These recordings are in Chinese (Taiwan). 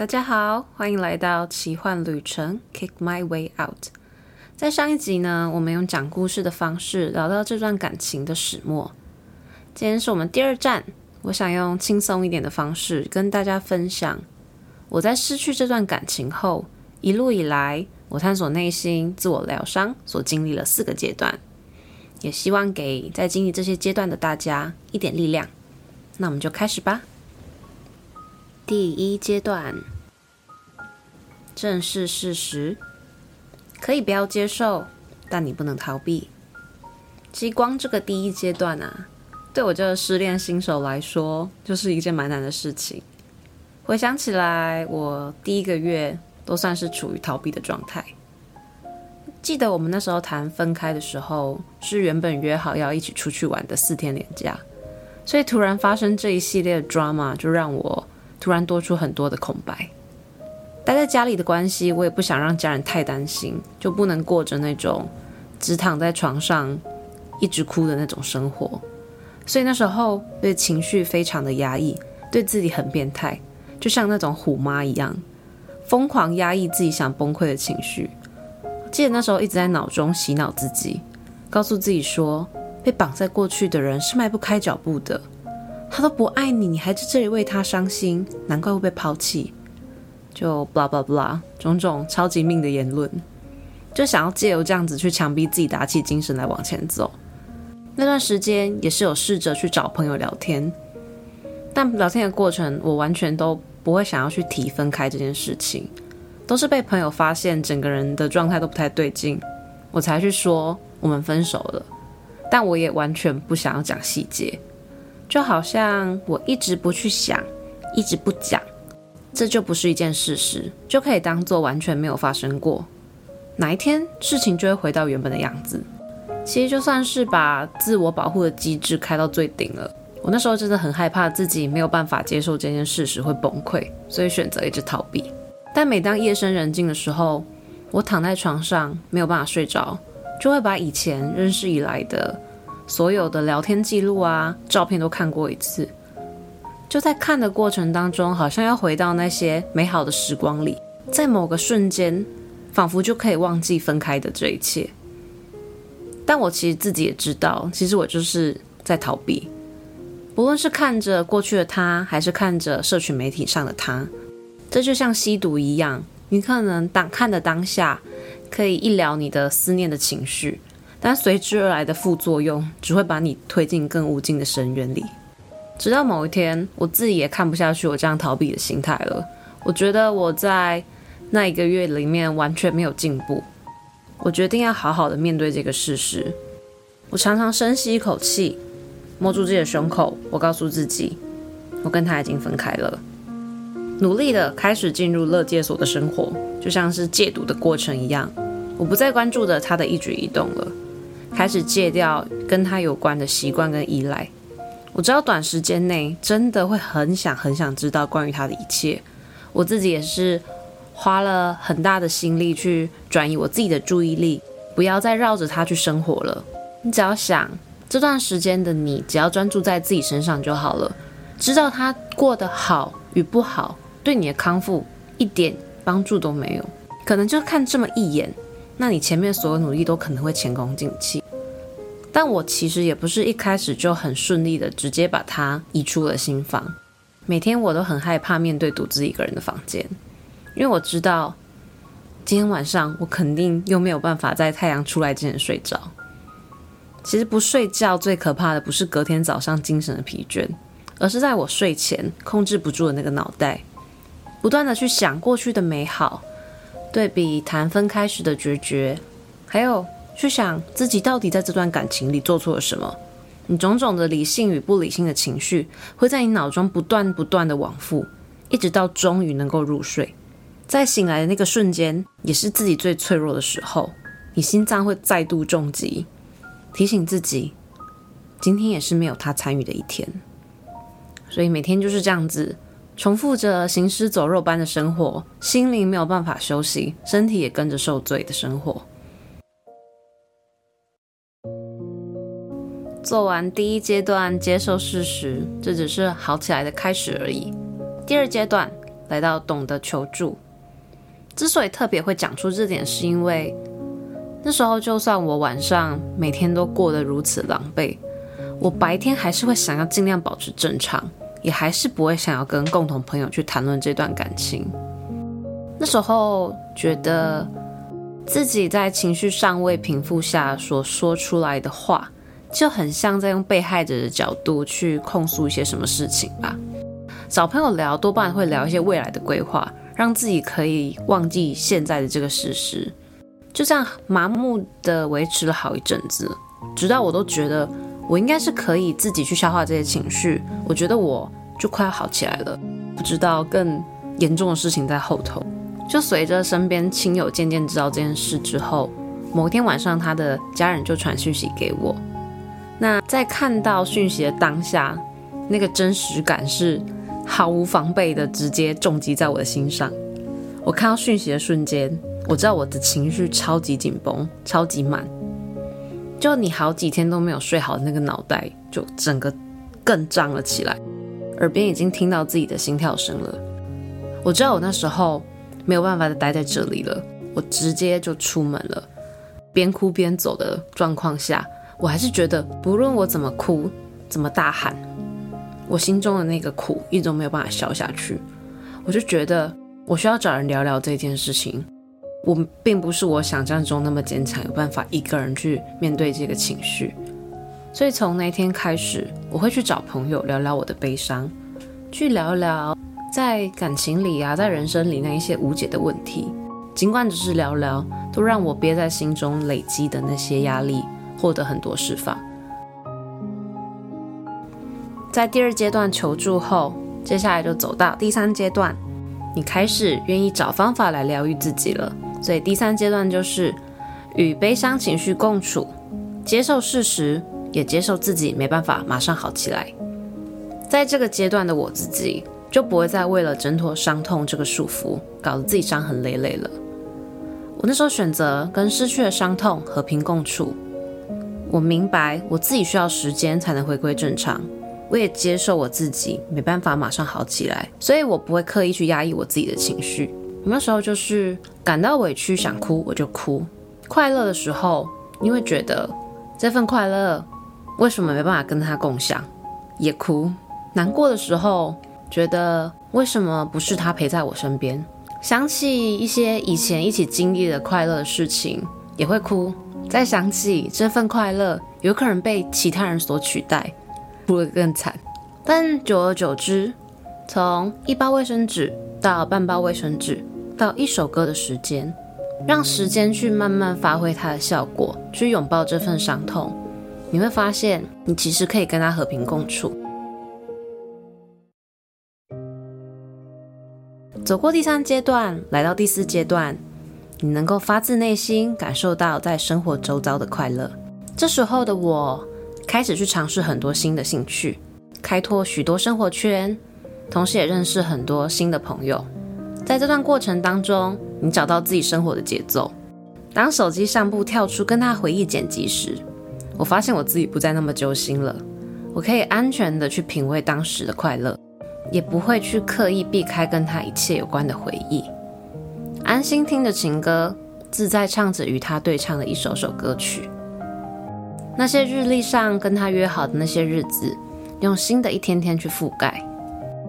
大家好，歡迎來到奇幻旅程，Kick My Way Out。在上一集呢，我們用講故事的方式聊到這段感情的始末。今天是我們第二站，我想用輕鬆一點的方式跟大家分享我在失去這段感情後，一路以來我探索內心、自我療傷所經歷了四個階段，也希望給在經歷這些階段的大家一點力量。那我們就開始吧。第一階段。正視事實，可以不要接受，但你不能逃避。激光這個第一階段啊，對我這個失戀新手來說，就是一件蠻難的事情。回想起來，我第一個月都算是處於逃避的狀態。記得我們那時候談分開的時候，是原本約好要一起出去玩的四天連假，所以突然發生這一系列的 drama，就讓我突然多出很多的空白。待在家裡的關係，我也不想讓家人太擔心，就不能過着那種只躺在床上一直哭的那種生活。所以那時候對情緒非常的壓抑，對自己很變態，就像那種虎媽一樣，瘋狂壓抑自己想崩潰的情緒。記得那時候一直在腦中洗腦自己，告訴自己說，被綁在過去的人是邁不開腳步的，他都不愛你，你還在這裡為他傷心，難怪會被拋棄。就 blah blah blah，種種超級命的言論，就想要借由這樣子去強逼自己打起精神來往前走。那段時間也是有試着去找朋友聊天，但聊天的過程我完全都不會想要去提分開這件事情，都是被朋友發現整個人的狀態都不太對勁，我才去說我們分手了。但我也完全不想要講細節，就好像我一直不去想，一直不講。這就不是一件事實，就可以當做完全沒有發生過。哪一天事情就會回到原本的樣子。其實就算是把自我保護的機制開到最頂了，我那時候真的很害怕自己沒有辦法接受這件事實會崩潰，所以選擇一直逃避。但每當夜深人靜的時候，我躺在床上沒有辦法睡着，就會把以前認識以來的所有的聊天記錄啊、照片都看過一次。就在看的過程當中，好像要回到那些美好的時光裡，在某個瞬間，仿佛就可以忘記分開的這一切。但我其實自己也知道，其實我就是在逃避。不論是看着過去的他，還是看着社群媒體上的他，這就像吸毒一樣，你可能當看的當下可以醫療你的思念的情緒，但隨之而來的副作用只會把你推進更無盡的深淵裡。直到某一天，我自己也看不下去我這樣逃避的心態了。我覺得我在那一個月裡面完全沒有進步。我決定要好好的面對這個事實。我常常深吸一口氣，摸住自己的胸口，我告訴自己，我跟他已經分開了。努力的開始進入勒戒所的生活，就像是戒毒的過程一樣。我不再關注着他的一舉一動了，開始戒掉跟他有關的習慣跟依賴。我知道，短時間內真的會很想很想知道關於他的一切。我自己也是花了很大的心力去轉移我自己的注意力，不要再繞着他去生活了。你只要想這段時間的你，只要專注在自己身上就好了。知道他過得好與不好，對你的康復一點幫助都沒有。可能就看這麼一眼，那你前面所有努力都可能會前功盡棄。但我其實也不是一開始就很順利的，直接把它移出了心房。每天我都很害怕面對獨自一個人的房間，因為我知道今天晚上我肯定又沒有辦法在太陽出來之前睡着。其實不睡覺最可怕的不是隔天早上精神的疲倦，而是在我睡前控制不住的那個腦袋，不斷的去想過去的美好，對比談分開時的決絕，還有，去想自己到底在這段感情裡做錯了什麼，你種種的理性與不理性的情緒會在你腦中不斷不斷的往復，一直到終於能夠入睡。在醒來的那個瞬間，也是自己最脆弱的時候，你心臟會再度重擊，提醒自己，今天也是沒有他參與的一天。所以每天就是這樣子，重複着行屍走肉般的生活，心靈沒有辦法休息，身體也跟着受罪的生活。做完第一階段，接受事實，這只是好起來的開始而已。第二階段，來到懂得求助。之所以特別會講出這點，是因為那時候就算我晚上每天都過得如此狼狽，我白天還是會想要儘量保持正常，也還是不會想要跟共同朋友去談論這段感情。那時候覺得自己在情緒尚未平復下所說出來的話。就很像在用被害者的角度去控訴一些什麼事情吧。找朋友聊，多半會聊一些未來的規劃，讓自己可以忘記現在的這個事實。就這樣麻木的維持了好一陣子，直到我都覺得我應該是可以自己去消化這些情緒，我覺得我就快要好起來了。不知道更嚴重的事情在後頭。就隨着身邊親友漸漸知道這件事之後，某天晚上，他的家人就傳訊息給我。那在看到訊息的當下，那個真實感是毫無防備的，直接重擊在我的心上。我看到訊息的瞬間，我知道我的情緒超級緊繃，超級滿。就你好幾天都沒有睡好的那個腦袋就整個更脹了起來，耳邊已經聽到自己的心跳聲了。我知道我那時候沒有辦法的待在這裡了，我直接就出門了，邊哭邊走的狀況下。我還是覺得，不論我怎麼哭，怎麼大喊，我心中的那個苦，一直都沒有辦法消下去。我就覺得，我需要找人聊聊這件事情。我並不是我想象中那麼堅強，有辦法一個人去面對這個情緒。所以從那天開始，我會去找朋友聊聊我的悲傷，去聊聊在感情裡啊，在人生裡那一些無解的問題。儘管只是聊聊，都讓我憋在心中累積的那些壓力，獲得很多釋放，在第二階段求助後，接下來就走到第三階段，你開始願意找方法來療癒自己了。所以第三階段就是與悲傷情緒共處，接受事實，也接受自己沒辦法馬上好起來。在這個階段的我自己，就不會再為了掙脫傷痛這個束縛，搞得自己傷痕累累了，我那時候選擇跟失去的傷痛和平共處。我明白我自己需要時間才能回歸正常，我也接受我自己沒辦法馬上好起來，所以我不會刻意去壓抑我自己的情緒。有的時候就是感到委屈想哭我就哭，快樂的時候你會覺得這份快樂為什麼沒辦法跟他共享，也哭；難過的時候覺得為什麼不是他陪在我身邊，想起一些以前一起經歷的快樂的事情也會哭。再想起這份快樂，有可能被其他人所取代，哭得更慘。但久而久之，從一包衛生紙到半包衛生紙到一首歌的時間，讓時間去慢慢發揮它的效果，去擁抱這份傷痛，你會發現，你其實可以跟它和平共處。走過第三階段，來到第四階段。你能夠發自內心感受到在生活周遭的快樂，這時候的我開始去嘗試很多新的興趣，開拓許多生活圈，同時也認識很多新的朋友。在這段過程當中，你找到自己生活的節奏。當手機上部跳出跟他回憶剪輯時，我發現我自己不再那麼揪心了，我可以安全地去品味當時的快樂，也不會去刻意避開跟他一切有關的回憶。安心聽着情歌，自在唱着與他對唱的一首首歌曲。那些日曆上跟他約好的那些日子，用新的一天天去覆蓋。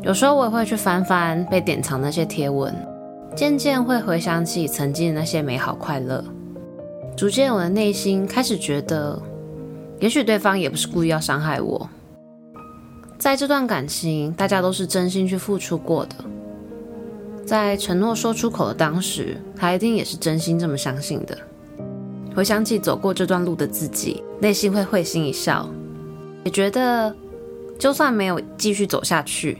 有時候我也會去翻翻被典藏的那些貼文，漸漸會回想起曾經的那些美好快樂。逐漸我的內心開始覺得，也許對方也不是故意要傷害我。在這段感情，大家都是真心去付出過的。在承諾說出口的當時，他一定也是真心這麼相信的。回想起走過這段路的自己，內心會會心一笑，也覺得就算沒有繼續走下去，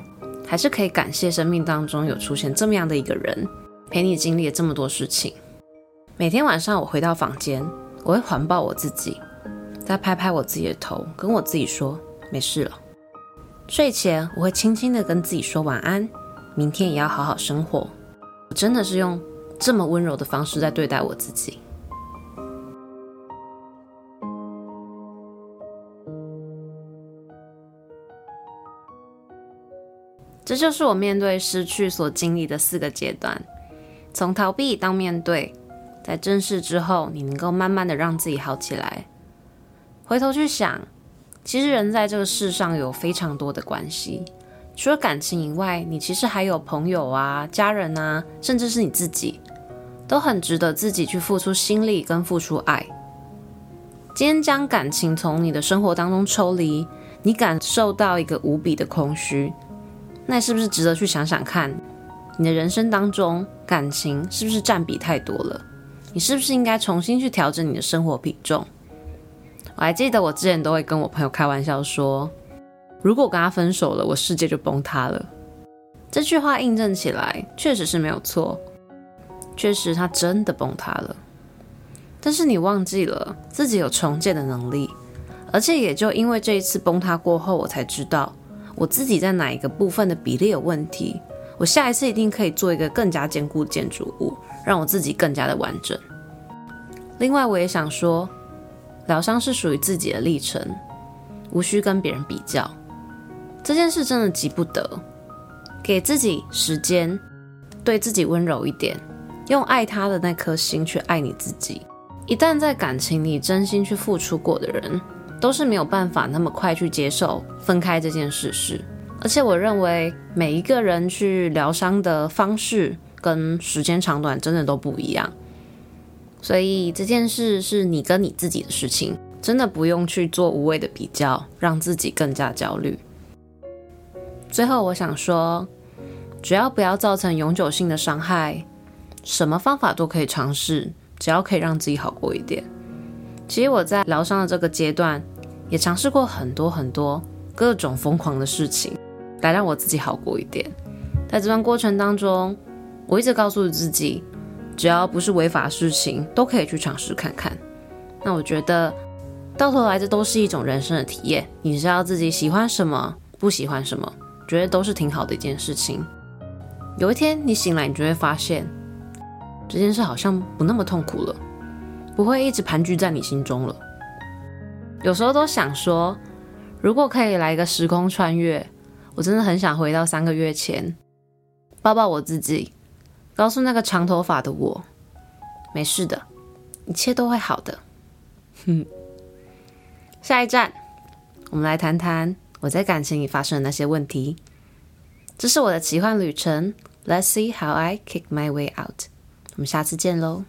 還是可以感謝生命當中有出現這麼樣的一個人，陪你經歷了這麼多事情。每天晚上我回到房間，我會環抱我自己，再拍拍我自己的頭，跟我自己說沒事了。睡前我會輕輕的跟自己說晚安。明天也要好好生活，我真的是用這麼溫柔的方式在對待我自己。這就是我面對失去所經歷的四個階段，從逃避到面對，在正視之後，你能夠慢慢的讓自己好起來。回頭去想，其實人在這個世上有非常多的關係。除了感情以外，你其實還有朋友啊、家人啊，甚至是你自己，都很值得自己去付出心力跟付出愛。今天將感情從你的生活當中抽離，你感受到一個無比的空虛，那是不是值得去想想看，你的人生當中感情是不是佔比太多了？你是不是應該重新去調整你的生活比重？我還記得我之前都會跟我朋友開玩笑說。如果跟他分手了，我世界就崩塌了。這句話印證起來，確實是沒有錯，確實他真的崩塌了。但是你忘記了自己有重建的能力，而且也就因為這一次崩塌過後，我才知道我自己在哪一個部分的比例有問題。我下一次一定可以做一個更加堅固的建築物，讓我自己更加的完整。另外，我也想說，療傷是屬於自己的歷程，無需跟別人比較。這件事真的急不得，給自己時間，對自己溫柔一點，用愛他的那顆心去愛你自己。一旦在感情裡真心去付出過的人，都是沒有辦法那麼快去接受分開這件事實。是，而且我認為每一個人去療傷的方式跟時間長短真的都不一樣，所以這件事是你跟你自己的事情，真的不用去做無謂的比較，讓自己更加焦慮。最後，我想說，只要不要造成永久性的傷害，什麼方法都可以嘗試，只要可以讓自己好過一點。其實我在療傷的這個階段，也嘗試過很多很多各種瘋狂的事情，來讓我自己好過一點。在這段過程當中，我一直告訴自己，只要不是違法事情，都可以去嘗試看看。那我覺得，到頭來這都是一種人生的體驗，你知道自己喜歡什麼，不喜歡什麼。覺得都是挺好的一件事情。有一天你醒來，你就會發現這件事好像不那麼痛苦了，不會一直盤踞在你心中了。有時候都想說，如果可以來一個時空穿越，我真的很想回到三個月前，抱抱我自己，告訴那個長頭髮的我，沒事的，一切都會好的。哼， 下一站，我們來談談。我在感情裡發生的那些問題，這是我的奇幻旅程。Let's see how I kick my way out。我們下次見嘍！